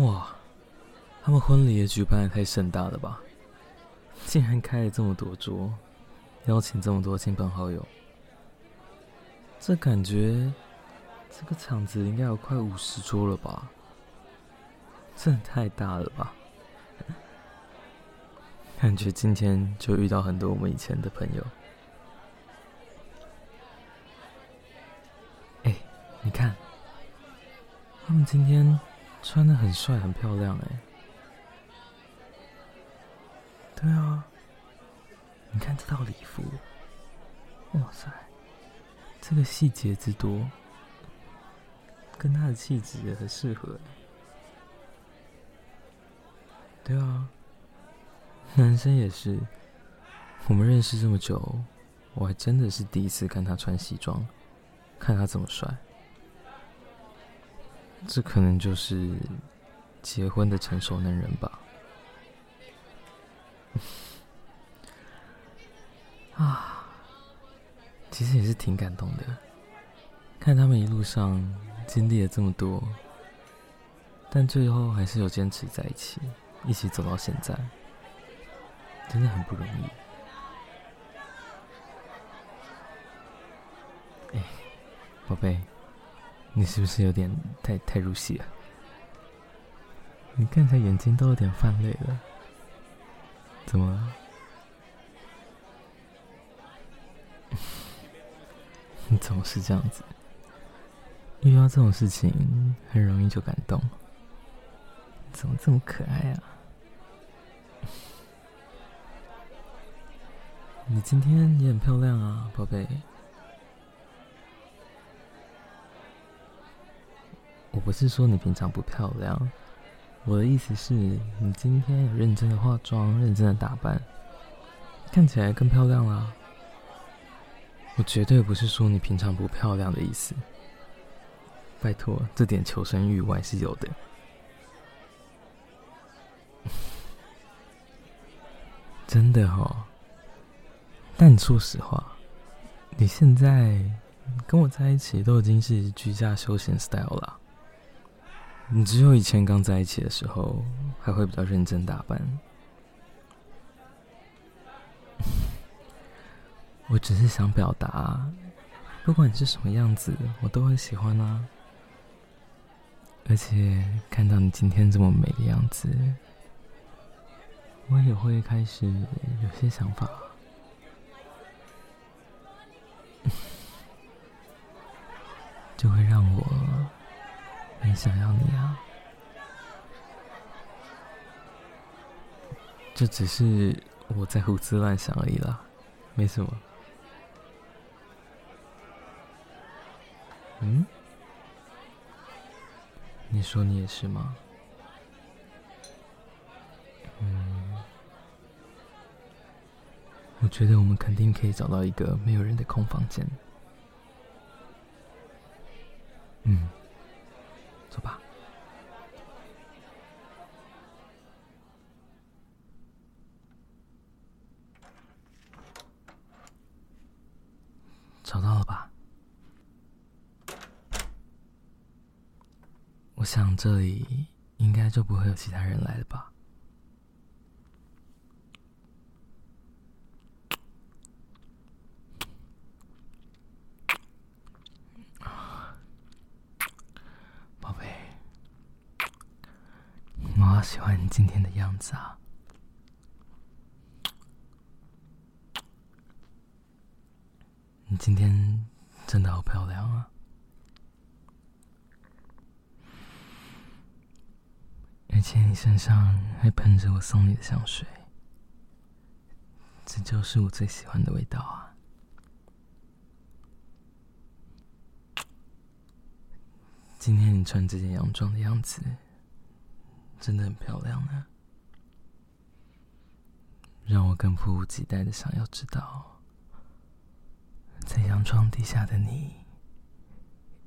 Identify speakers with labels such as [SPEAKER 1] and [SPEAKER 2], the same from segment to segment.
[SPEAKER 1] 哇，他們婚禮也舉辦得太盛大了吧！竟然開了這麼多桌，邀請這麼多親朋好友，這感覺，這個場子應該有快五十桌了吧？真的太大了吧！感覺今天就遇到很多我們以前的朋友。哎、欸，你看，他們今天，穿的很帥，很漂亮哎。對啊，你看這套禮服，哇塞，這個細節之多，跟他的氣質也很適合。對啊，男生也是。我們認識這麼久，我還真的是第一次看他穿西裝，看他這麼帥。這可能就是結婚的成熟男人吧。 啊，其實也是挺感動的，看他們一路上經歷了這麼多，但最後還是有堅持在一起，一起走到現在，真的很不容易。哎，寶貝。你是不是有點太太入戲了？你看起來眼睛都有點泛淚了，怎麼？ 你總是這樣子，遇到這種事情很容易就感動。怎麼這麼可愛啊？你今天也很漂亮啊，寶貝。不是說你平常不漂亮，我的意思是，你今天認真的化妝，認真的打扮，看起來更漂亮啦。我絕對不是說你平常不漂亮的意思。拜托，這點求生欲我還是有的。 真的哦。但你說實話，你現在跟我在一起，都已經是居家休閒 style 了。你只有以前剛在一起的時候還會比較認真打扮。 我只是想表達，不管你是什麼樣子，我都很喜歡啊。而且看到你今天這麼美的樣子，我也會開始有些想法， 就會讓我。很想要你啊！這只是我在胡思亂想而已啦，沒什麼。嗯？你說你也是嗎？嗯。我覺得我們肯定可以找到一個沒有人的空房間。嗯。找到了吧？我想這裡應該就不會有其他人來了吧。寶貝，我好喜歡你今天的樣子啊！今天真的好漂亮啊！而且你身上還噴着我送你的香水，這就是我最喜歡的味道啊！今天你穿這件洋裝的樣子真的很漂亮啊，讓我更迫不及待的想要知道。在陽光底下的你，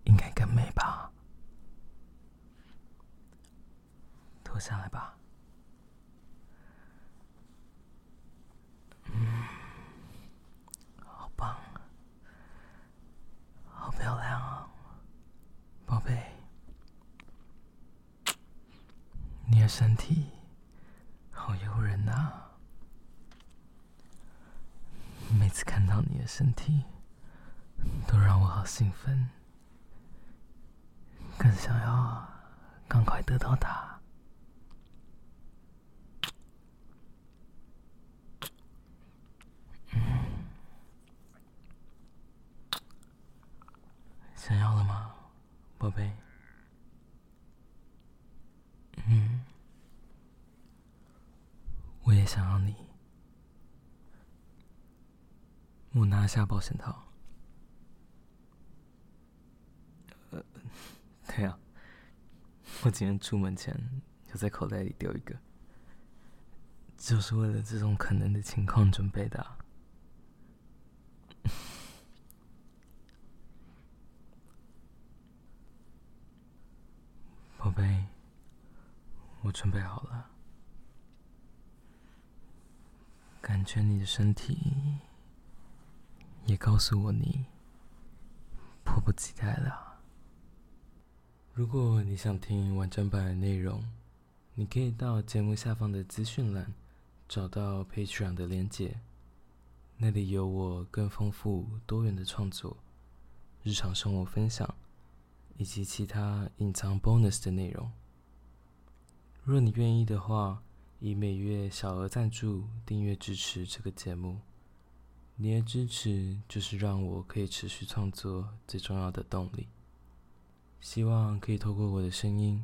[SPEAKER 1] 應該更美吧？脫下來吧。嗯，好棒，好漂亮啊，寶貝，你的身體好誘人啊！每次看到你的身體。興奮，更想要趕快得到它，嗯。想要了嗎，寶貝？嗯，我也想要你。我拿下保險套。對啊，我今天出門前就在口袋裡丟一個，就是為了這種可能的情況準備的啊。寶貝，嗯， 我準備好了，感覺你的身體也告訴我你迫不及待了。如果你想聽完整版的內容，你可以到節目下方的資訊欄找到 Patreon 的連結，那裡有我更豐富多元的創作、日常生活分享以及其他隱藏 bonus 的內容。若你願意的話，以每月小額贊助訂閱支持這個節目，你的支持就是讓我可以持續創作最重要的動力。希望可以透過我的聲音，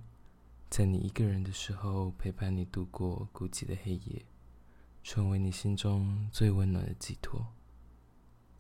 [SPEAKER 1] 在你一個人的時候陪伴你度過孤寂的黑夜，成為你心中最溫暖的寄托。